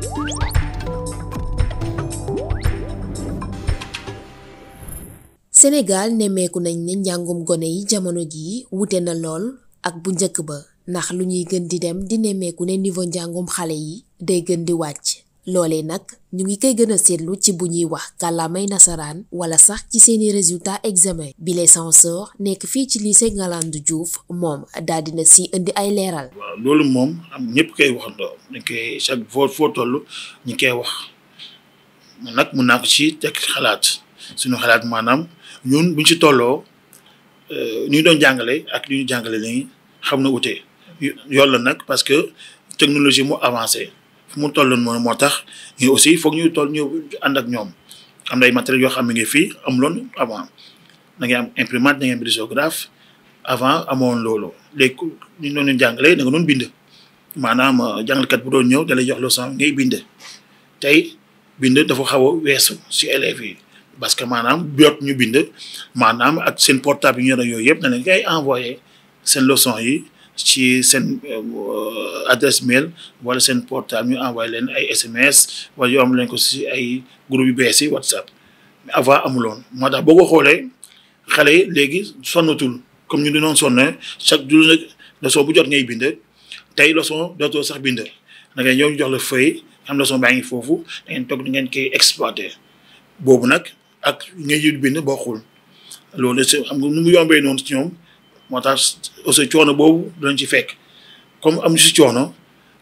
senegal nemmeeku nañ ne njàngum gone yi jamono ji wute na lool ak bu njëkk ba ndax lu ñuy gën di dem di nemmeeku ne niveau njàngum xale yi day gën di wàcc loolee nag ñu ngi koy gën a seetlu ci bu ñuy wax kàllaamay nasaraan wala sax ci seeni résultat examen bi les censeur nekk fii ci lii ngalaan Ngalandou juuf moom daal dina si indi ay leeral. loolu moom am ñëpp koy waxandoo ñu koy chaque fois foo toll ñu koy wax man nag mun naa ko ci teg xalaat suñu xalaat maanaam ñun buñ ci tolloo ñu euh, ñu doon jàngale ak ñu jàngale léegi xam na ute yoon la nag parce que technologie mu avancé. fu mu tolloon moom moo tax ñu aussi foog ñu toll ñu ànd ak ñoom am na ay matériels yoo xam ne ngi fii amuloon avant da ngay am imprimante da ngay am risographe avant amoon loolu léegi ñu noonu jàngalee da nga doon bind maanaam euh, jàngalekat bu doon ñëw da lay jox leçon ngay bind tey bind dafa xaw a weesu si élèves yi parce que maanaam jot ñu bind maanaam ak seen portable yi ñu yore yooyu yëpp na leen ngay envoyé seen leçon yi ci seen euh, adresse mail wala seen portable ñu envoyé leen ay SMS wala yoo am leen ko si ay groupe yu bees yi WhatsApp mais avant amuloon moo tax boo ko xoolee xale yi léegi sonnatul comme ñu dinoon sonne chaque jour na leçon bu jot ngay bind tey leçon dootoo sax bind da ngay ñëw ñu jox la feuille am leçon baa ngi foofu da ngeen toog di ngeen koy exploité boobu nag ak ngay yit bind bokkul loolu si am nga nu mu yombee noonu si ñoom moo tax aussi coono boobu dañ ci fekk comme am si coono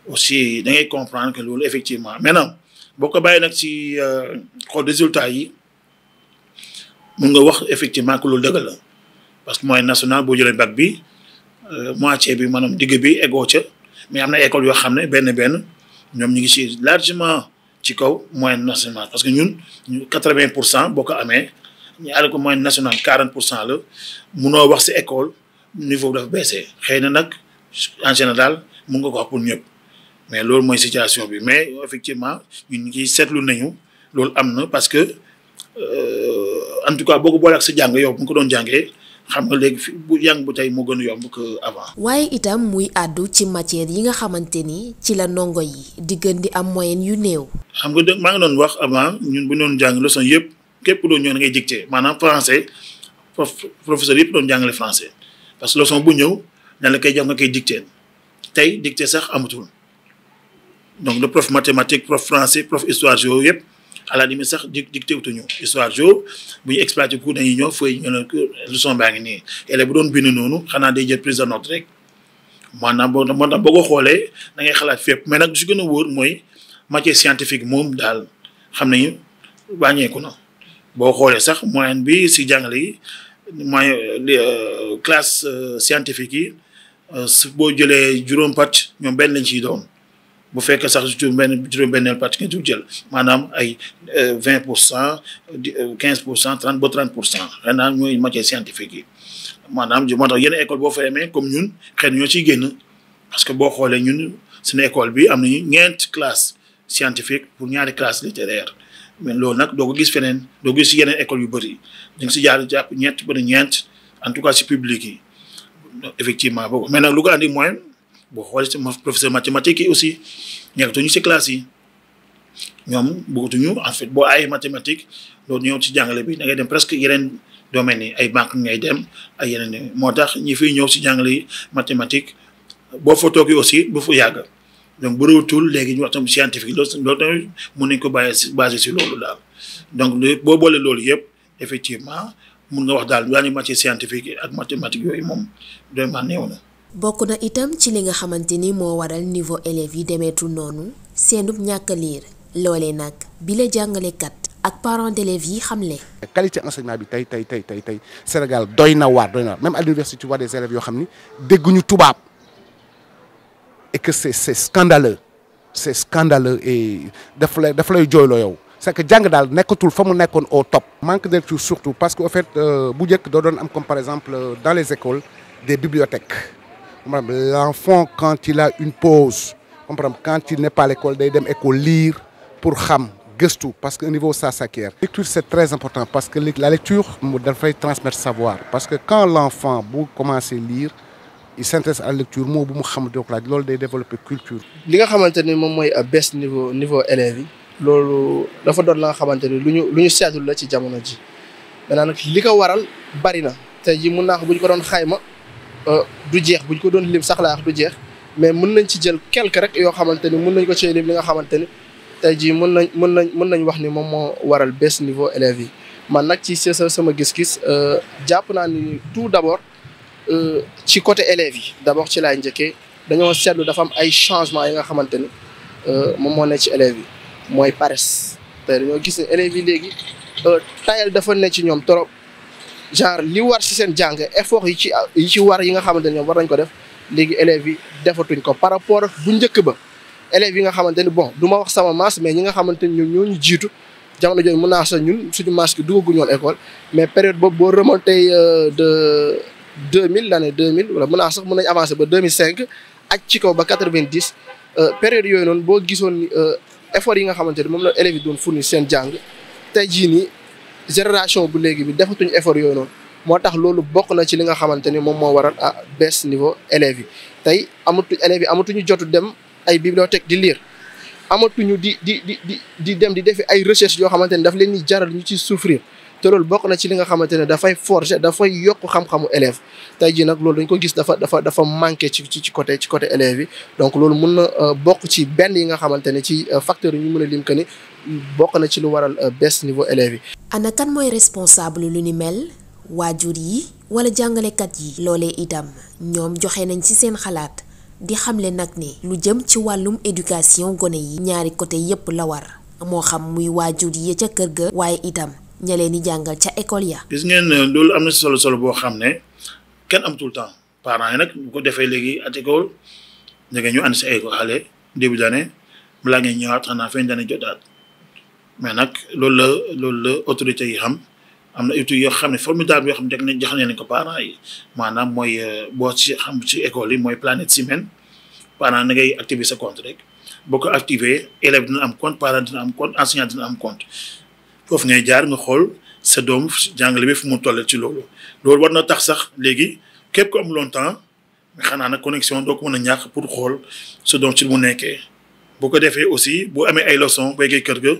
aussi da ngay comprendre que loolu effectivement maintenant boo ko bàyyi nag si euh, xool résultat yi mun nga wax effectivement que loolu dëgg la parce que moyen national boo jëlee bac bi euh, moitié bi maanaam digg bi eggoo ca mais am na école yoo xam ne benn benn ñoom ñu ngi si largement ci kaw moyen national parce que ñun ñu quatre-vingt pour cent boo ko amee ñu àll ko moyen national quarante pour cent la munoo wax si école. niveau bi dafa baissé xëy na nag en général mun nga ko wax pour ñëpp mais loolu mooy situation bi mais effectivement ñun ñi seetlu nañu loolu am na parce que euh, en tout cas boo ko boole ak yow bu ko doon jàngee xam nga léegi fi bu jàng bu tey moo gën a yomb avant. waaye itam muy àddu ci matière yi nga xamante ni ci la ndongo yi di gën di am moyenne yu néew. xam nga maa ngi doon wax avant ñun bu noon doon jàng leçon yëpp képp doon ñoo da ngay dicté maanaam français prof professeur yëpp doon jàngale français. parce que leçon bu ñëw dañ la koy jox nga koy dicté tey dicté sax amatul donc le prof mathématique prof français prof histoire géo yëpp à la limite sax di dicté wutuñu histoire géo bu ñu exploité ko dañuy ñëw fooy ñu ne leçon baa ngi nii élève bu doon bind noonu xanaa day jël prise de note rek maanaam boo maanaam boo xoolee da xalaat fépp mais nag su gën mooy matière scientifique moom daal xam nañu wàññeeku na boo xoolee sax moyenne bi si jàngale yi moyen euh, classe euh, scientifique yi euh, boo jëlee juróom pàcc ñoom benn lañ ciy doon bu fekkee sax juróom benn juróom benneel pàcc ngeen ci jël maanaam ay euh, vingt pour cent quinze pour cent trente ba trente pour cent ren daal mooy matière scientifique yi maanaam moo tax yenn école boo fa demee comme ñun xëy ñoo ciy génn parce que boo xoolee ñun suñu école bi am nañu ñeent classe scientifique pour ñaari classe littéraire mais loolu nag doo ko gis feneen doo ko gis yeneen école yu bëri da nga si jaar jàpp ñeent en tout cas si public yi effectivement boobu mais nag lu ko andi mooy boo xoolee si professeur mathématique yi aussi nekkatuñu si classe ñoom bëggatuñu en fait boo ay mathématique loolu ñëw si jàngale bi da dem presque yeneen domaines yi ay banque ngay dem ay yeneen moo tax ñi fiy ñëw si jàngale yi mathématique boo fa toogee aussi bu fa yàgg donc bu rëwtul léegi ñu wax tam scientifique loolu loolu tamit mën nañ ko bàyyi basé si loolu daal donc boo boole loolu yëpp effectivement mun nga wax daal wàññi matière scientifique ak mathématique yooyu moom bokk na itam ci li nga xamante ni moo waral niveau élèves yi demeetul noonu seenub ñàkk liir loolee nag bi la jàngalekat ak parents d'élèves yi xamle. qualité enseignement bi tey tey tey tey tey Sénégal doy na waar doy même à l'université tu yoo xam ni dégguñu tubaab et que c'est c'est scandaleux c'est scandaleux et lay daf lay yow. c'est que jàng daal nekkatul fa mu nekkoon au top. manque de lecture surtout parce que au fait euh, bu njëkk doo doon am comme par exemple euh, dans les écoles des bibliothèques maanaam quand il a une pause comprendre quand il n'est pas à l'école day dem école lire pour xam gëstu parce que au niveau ça s'acquiert. lecture c'est très important parce que la lecture mu dafay transmettre savoir parce que quand l'enfant bu commencer lire. il s'intéresse à la lecture moo bu mu xam donc laaj loolu day développer culture. li nga xamante ni moom mooy à niveau niveau yi. loolu dafa doon la nga xamante ni lu ñu lu ñu seetlu la ci jamono ji maintenant nag li ko waral bari na tey ji mën naa ko bu ñu ko doon xayma euh, du jeex bu ñu ko doon lim saxla laa du jeex mais mën nañ ci jël quelque yoo xamante ni mën nañ ko li nga xamante ni tey jii mën nañ mën nañ mën nañ wax ni moom moo waral baisse niveau élèves yi man nag ci sama gis-gis euh, jàpp naa ni tout d'abord euh, ci côté élèves yi d'abord ci laay njëkkee dañoo seetlu dafa am ay changements yi nga xamante ni moom moo ne ci élèves yi mooy paresse te dañoo gis ne élèves yi léegi euh, tayal dafa ne ci ñoom trop genre li war si seen jàng effort yi ci yi ci war yi nga xamante ne ñoom war nañ ko def léegi élèves yi defatuñ ko par rapport ak bu njëkk ba élèves yi nga xamante ni bon du ma wax sama masse mais ñi nga xamante ni ñoo ñu jiitu jamono jooju mën naa sax ñun suñu masse gi duggaguñu woon école mais période boobu boo remonté euh, de mille l'année 2000 wala mën naa sax mën nañ avancé ba 2005 ak ci kaw ba 90 euh, période yooyu noonu boo gisoon ni effort yi nga xamante ne moom la élèves yi doon fournir seen jàng tey jii nii génération bu léegi bi defatuñu effort yooyu noonu moo tax loolu bokk na ci li nga xamante ni moom moo waral à baisse niveau élèves yi tey amatu élèves yi amatuñu jotu dem ay bibliothèque di liir amatuñu di di di di dem di defi ay recherche yoo xamante ni daf leen di jaral ñu ci souffrir te loolu bokk na ci li nga xamante ne dafay forger dafay yokk xam-xamu élève tey ji nag loolu dañ ko gis dafa dafa dafa manqué ci ci côté ci côté élèves yi donc loolu mën na euh, bokk ci benn yi nga xamante ne ci euh, facteur yi ñu mën a lim que ni bokk na ci lu waral euh, baisse niveau élèves yi. ana kan mooy responsable lu ni mel waajur yi wala jàngalekat yi. loolee itam ñoom joxe nañ ci seen xalaat di xamle nag ni lu jëm ci wàllum éducation gone yi. ñaari côté yépp la war moo xam muy waajur yi ca kër ga. waaye itam. ña leen di jàngal ca école ya. gis ngeen loolu am na solo solo boo xam ne kenn am tout le temps parents yi nag bu ko defee léegi at école da nga ñu andi sa ay xale début d'année balaa ngeen ñëwaat xanaa fin d'année jotaat mais nag loolu la loolu la autorité yi xam. am na études yoo xam ne formidable yoo xam ne teg nañ jox nañ ko parents yi maanaam mooy euh, boo ci xam école yi mooy planète semaine parent na ngay activer sa compte rek boo ko activer élève dina am compte parent dina am compte enseignant dina am compte foofu ngay jaar nga xool sa doom jàngale bi fu mu toll ci loolu loolu war na tax sax léegi képp ko am longtemps xanaa nag connection doo ko mën a ñàkk pour xool sa doom ci mu nekkee boo ko defee aussi boo amee ay leçon béykee kër ga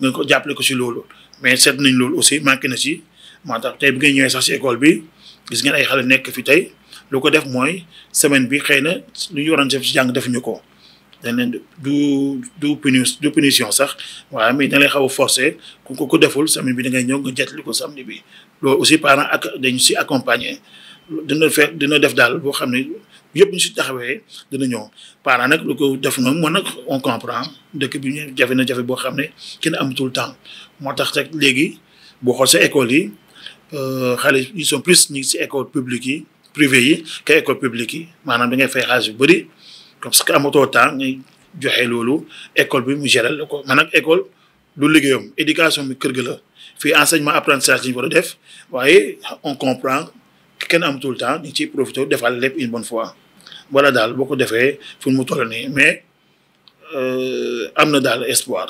nga ko jàppale ko ci loolu mais seet nañ loolu aussi manqué na ci maa tax tey bi ngay ñëwee sax ci école bi gis ngeen ay xale nekk fi tey lu ko def mooy semaine bi xëy na lu ñu waroon def ci jàng defuñu ko dañ du du du punition sax waaw mais dañ lay xaw a forcé ku ko ku deful samedi bi da ngay ñëw nga jàttali ko samedi bi loolu aussi parents ak dañu si accompagner dina fekk dina def daal boo xam ne yëpp ñu si taxawee dana ñëw parent nag lu ko def noonu moom nag on comprend dëkk bi ñu jafe na jafe boo xam ne kenn amatul temps moo tax rek léegi boo xool sa école yi euh, xale ils sont plus ñu ngi si école publique yi privée yi que école publique yi maanaam da ngay fay yu bëri parce que amatoo temps ngay joxe loolu école bi mu gérer la ko man école du liggéeyam éducation bi kër ga la fii enseignement apprentissage la ñu war a def waaye on comprend kenn amatul temps ñu ciy profité defal lépp une bonne fois wala daal boo ko defee fu mu toll nii mais euh, am na daal espoir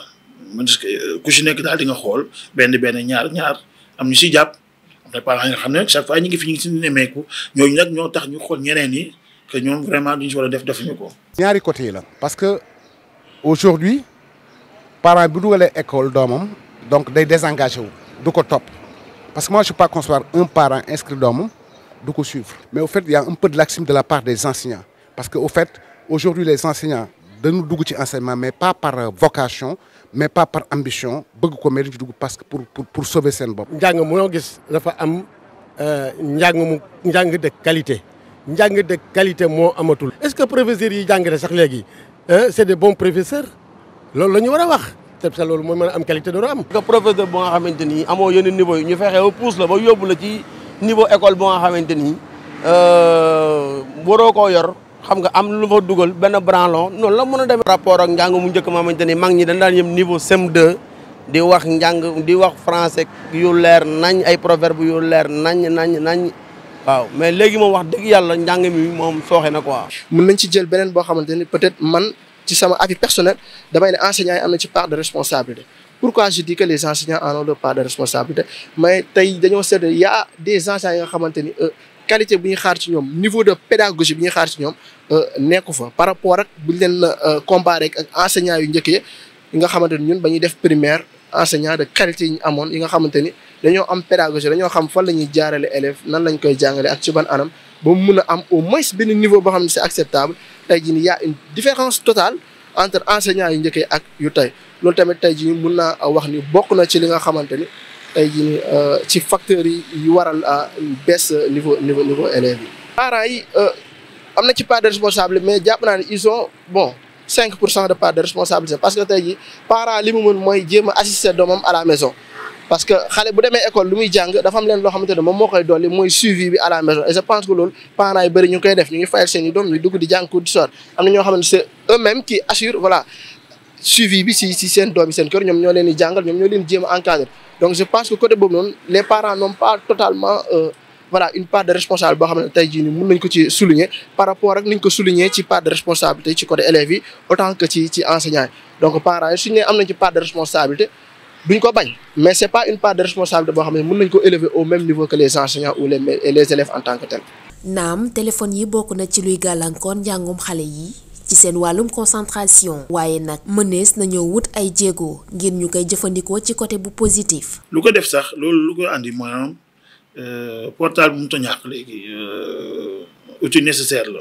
man euh, ku si nekk daal di nga xool benn benn ñaar ñaar am ñu si jàpp am na parents yi xam ne chaque fois ñu ngi fi ñu ngi si nemmeeku ñooñu nag ñoo tax ñu xool ñeneen ñi. que ñoom vraiment duñ si war a def ko. ñaari côté yi la parce que aujourd'hui parent bu dugalee école doomam donc day désengagé wu du ko topp parce que moi je peux pas concevoir un parent inscrit doomam du ko suivre. mais au fait il y a un peu de laxisme de la part des enseignants parce que au fait aujourd'hui les enseignants dañu dugg ci enseignement mais pas par euh, vocation mais pas par ambition bëgg ko mais dañu ci dugg parce que pour pour pour sauver seen bopp. njàng moo gis dafa am euh, njàng njàng de qualité. njàng de qualité moo amatul. est-ce que professeurs yi jàngale sax léegi c'est des bons professeurs lool la ñu war a wax te sa loolu mooy mën a am qualité doo am. que professeur boo nga xamante ni amoo yenn niveau yi ñu fexe ba pousse la ba yóbbu la ci niveau école boo nga xamante ni euh, waroo koo yor xam nga am lu fa dugal benn branlon noonu la mën a demee. rapport ak njàng mu njëkk ma xamante ni mag ñi dan daan yem niveau CM2 di wax njàng di wax français yu leer nañ ay proverbe yu leer nañ nañ nañ. waaw mais léegi moom wax dëgg yàlla njàng mi moom sooxe na quoi. mun nañ ci jël beneen boo xamante ni peut-être man ci sama avis personnel damay ne enseignants yi am na ci part de responsabilité. pourquoi je dis que les enseignants tey dañoo seetlu y des enseignants yi nga xamante ni euh, qualité bi ñuy xaar ci ñoom niveau de pédagogie bi nga xaar ci ñoom euh, nekku fa par rapport ak bu ñu leen euh, comparé ak enseignants yu njëkkee nga xamante ni ñun ba ñuy def primaire enseignants de qualité yi ñu amoon yi nga xamante ni. dañoo am pédagogie dañoo xam fan la ñuy jaarale élève nan lañ koy jàngale ak ci ban anam ba mu mun a am au moins benn niveau boo xam ne si acceptable tey jii nii y a une différence totale entre enseignants yu njëkkee ak yu tey loolu tamit tey jii mun naa wax ni bokk na ci li nga xamante ni tey jii nii euh, ci facteurs yi yu waral euh, baisse niveau niveau niveau élèves yi. parents yi euh, am na ci part de responsable mais jàpp naa ne ils ont bon. cinq pour cent de part de responsabilité que tey jii parent li mu mën mooy jéem a assister doomam à parce que xale bu demee école lu muy jàng dafa am leen loo xamante ne moom moo koy dolli mooy suivi bi à la maison et je pense que loolu parents yu bëri ñu koy def ñu ngi fayal seen i doom ñu dugg di jàng cours du soir am na ñoo xamante c'est eux-mêmes qui assurent voilà suivi bi si seen doom yi seen kër ñoom ñoo leen di jàngal ñoom ñoo leen jéem a encadrer donc je pense que côté boobu noonu les parents n'ont pas totalement euh, une part de responsable boo xam ne tey jii nii mën nañ ko ci souligner par rapport ak niñ ko souligner ci part de responsabilité ci côté élèves yi autant que ci duñ ko bañ mais c'est pas une part de responsabilité boo xam ne mën nañ ko élever au même niveau que les enseignants ou les les élèves en tant que tels. naam téléphone yi bokk na ci luy gàllankoor njàngum xale yi ci seen wàllum concentration. waaye nag mënees nañoo wut ay jéego ngir ñu koy jëfandikoo ci côté bu positif. lu ko def sax loolu lu ko andi maanaam euh, portable bu mu ta ñàkk léegi euh, outil nécessaire la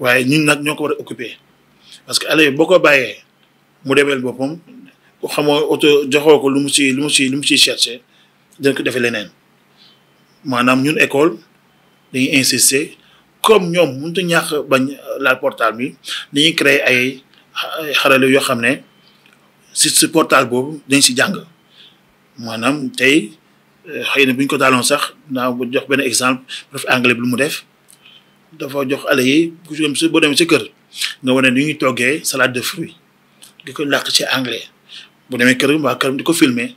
waaye ñun nag ñoo ko war occuper parce que allez boo ko bàyyee mu demeel boppam. xamoo auto joxoo ko lu mu si lu mu si lu mu si cherché dañ defee leneen maanaam ñun école dañuy insister comme ñoom mënut a ñàkk bañ laal portable bi dañuy créer ay xarale yoo xam ne si si portable boobu dañ si jàng maanaam tey xëy na bu ko daaloon sax naa jox benn exemple prof anglais bi lu mu def dafa jox ale yi ku si boo demee kër nga wane ni ñuy toggee salade de fruits di ko làkk ci anglais. bu demee këram waa këram ko filmer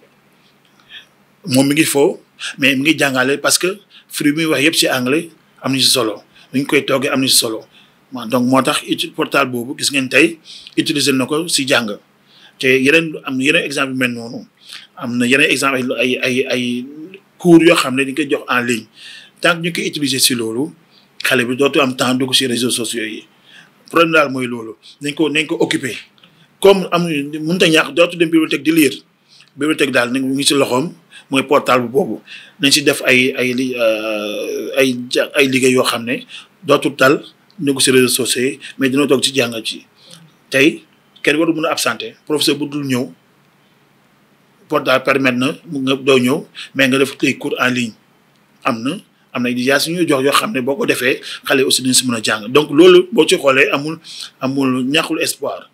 moom mi ngi foo mais mi ngi jàngale parce que fruit bi muy wax yëpp si anglais am na solo dañ koy toogee am na ci solo waaw donc moo tax uti portable boobu gis ngeen tey utiliser na ko ci jàng te yeneen am na exemple yu noonu am na yeneen exemple ay ay ay cours yoo xam ne dañ koy jox en ligne tant que ñu koy utiliser ci loolu xale bi dootu am temps dugg si réseaux sociaux yi problème daal mooy loolu nañ ko nañ ko occuper. comme am mënut a ñàkk dootu dem bibliothèque di lire bibliothèque daal mu ngi si loxoom mooy portable boobu nañ si def ay ay li euh, ay ay liggéey yoo xam ne dootul tal ñu ko si réseaux sociaux mais dina toog ci jàngat ci tey kenn waru mën a absenté professeur bu dul ñëw portable permettre na nga doo ñëw mais nga def tey cours en ligne am na. am na ay liggéey yu ñuy jox yoo xam ne boo ko defee xale aussi dañ si mën a jàng donc loolu boo ci xoolee amul amul ñàkkul espoir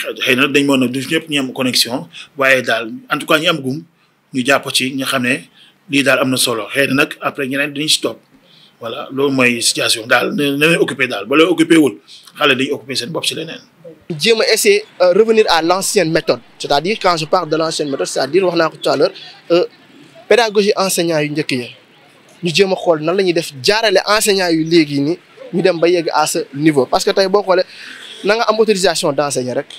xëy na dañ mën a du ñëpp ñu am connexion waaye daal en tout cas ñu am gum ñu jàpp ci ñu xam ne lii daal am na solo xeet na nag après ñeneen dañu si topp voilà loolu mooy situation daal na na daal ba lay occupé wul xale dañu occupé seen bopp si leneen. jéem a essayer euh, revenir à l'ancienne méthode c'est-à-dire quand de l'ancienne méthode c'est-à-dire wax naa ko tout à l'heure euh, pédagogie enseignant yu njëkk yi ñu jëm a xool nan la ñuy def jaarale enseignant yu léegi nii ñu dem ba yegg à ce niveau parce que tey boo xoolee na nga am autorisation d'enseigner rek.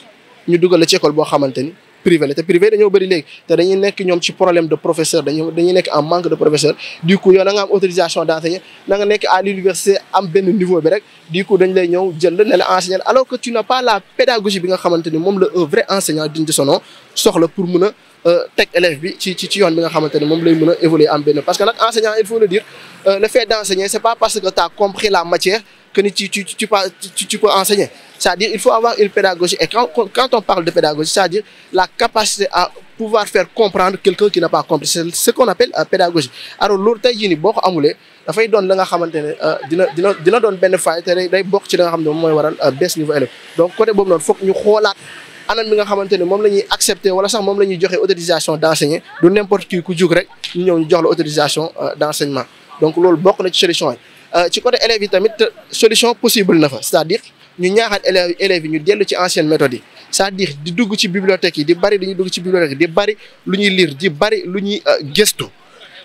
ñu dugal la ci école boo xamante ni privé la te privé dañoo bëri léegi te dañuy nekk ñoom ci problème de professeur dañuy nekk en manque de professeur du coup yow na nga am autorisation d'enseigner na nga nekk à l'université am benn niveau bi rek du dañ lay ñëw jël ne la enseigner alors que tu n'as pas la pédagogie bi nga xamante moom la un vrai enseignant digne de soxla pour mun a Euh, teg élève bi ci ci ci yoon bi nga xamante ne moom lay mën a évoluer am benn parce que nag enseignant il faut le dire euh, le fait d'enseigner c'est pas parce que tu as la matière que ni tu tu tu tu tu peux enseigner c'est-à-dire il faut avoir une pédagogie et quand on parle de pédagogie c'est-à-dire la capacité à pouvoir faire comprendre quelqu'un qui n'a pas compris c'est ce qu'on appelle euh, pédagogie alors loolu tey jii nii boo ko amulee dafay doon la nga xamante ne dina dina dina doon benn faay te bokk ci la nga xam ne moom mooy waral baisse niveau élève donc côté boobu anam bi nga xamante ne moom la ñuy accepter wala sax moom la ñuy joxe autorisation d' enseigner du n'importe qui ku jug rek ñu ñëw ñu jox la autorisation euh, d' donc loolu bokk na ci solution yi euh, ci côté élèves yi tamit solution possible na fa c'est-à-dire ñu ñaaxaat élèves élèves yi ñu dellu ci ancienne méthode yi c'est-à-dire di dugg ci bibliothèque yi di bari dañuy dugg ci bibliothèque yi di bari lu ñuy liir di bari lu ñuy euh, gëstu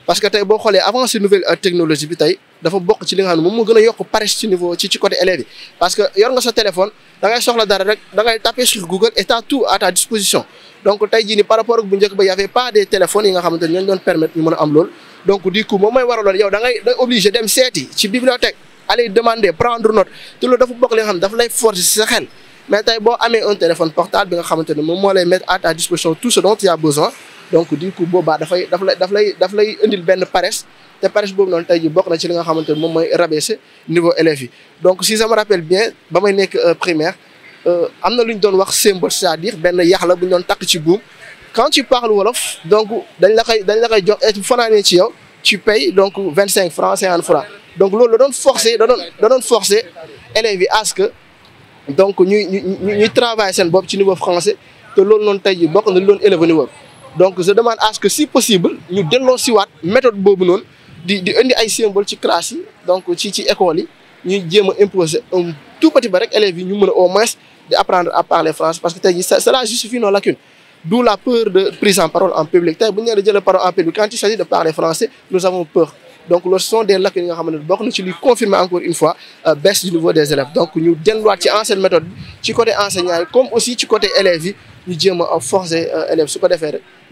parce que tey boo xoolee avant ces nouvelle bi tey dafa bokk ci li nga xam ne moom moo gën a yokk paresse ci niveau ci ci côté élèves yi parce que yor nga sa téléphone da ngay soxla dara rek da ngay sur Google et tout à ni par rapport ak bu njëkk ba y avait pas des téléphones yi nga a am loolu donc du coup moom mooy waraloon yow da ngay da obligé dem seeti mais tey boo amee un téléphone portable bi nga xamante ne moom moo lay mettre à ta disposition tout ce dont tu as besoin donc du coup boobaa dafay daf lay indil benn pares te parrainage boobu noonu tey jii bokk na ci li nga xamante ni moom mooy rabaisser niveau élèves yi donc si je me rappelle bien ba may nekk euh, primaire euh, am na lu ñu doon wax symbole cest à benn yax la bu ñu doon takk ci buum quand tu parles wolof donc dañ la koy dañ la koy jox et fanaanee ci yow ci payes donc vingt cinq francs cinquante francs donc loolu da doon forcer da doon da doon forcer élèves yi à que donc ñuy ñuy ñuy travailler seen bopp ci niveau français te loolu noonu tey jii bokk na lu doon élevé niveau donc je demande à ce que si possible ñu siwaat méthode boobu noonu di indi ay symbole ci classe yi donc ci ci école yi ñuy jéem a imposer un tout petit ba rek élèves yi ñu mën a au moins di apprendre à parler français parce que tey jii cela justifie nos lacunes d'où la peur de prise en parole en public tey bu ñu nee jël parole en public quand il s'agit de parler français nous avons peur donc loolu ce des lacunes nga xam ne bokk na ci luy confirmer encore une fois euh, baisse du niveau des élèves donc ñu delluwaat ci ancienne méthode ci côté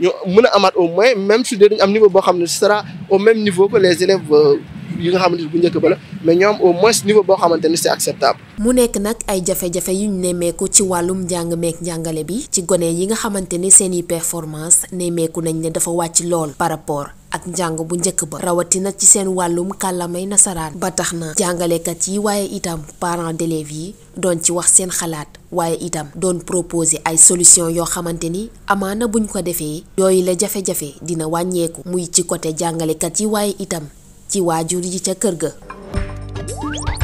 ñu mën a amaat au moins même su dee dañu am niveau boo xam ne ce sera au même niveau que les élèves euh, nga xamante ne bu njëkk ba la mais am au moins niveau boo xamante si c'est acceptable. mu nekk nag ay jafe-jafe yu ñu nemmeeku ci wàllum njàng meek njàngale bi ci gone yi nga xamante ne seeni performance nemmeeku nañ ne dafa wàcc lool par rapport. ak njàng bu njëkk ba rawatina ci seen wàllum kàllamay nasaraan ba tax na jàngalekat yi waaye itam parents d'élèves yi doon ci wax seen xalaat waaye itam doon proposé ay solution yoo xamante ni amaana buñ ko defee yooyule la jafe-jafe dina wàññeeku muy ci côté jàngalekat yi waaye itam ci waajur yi ca kër ga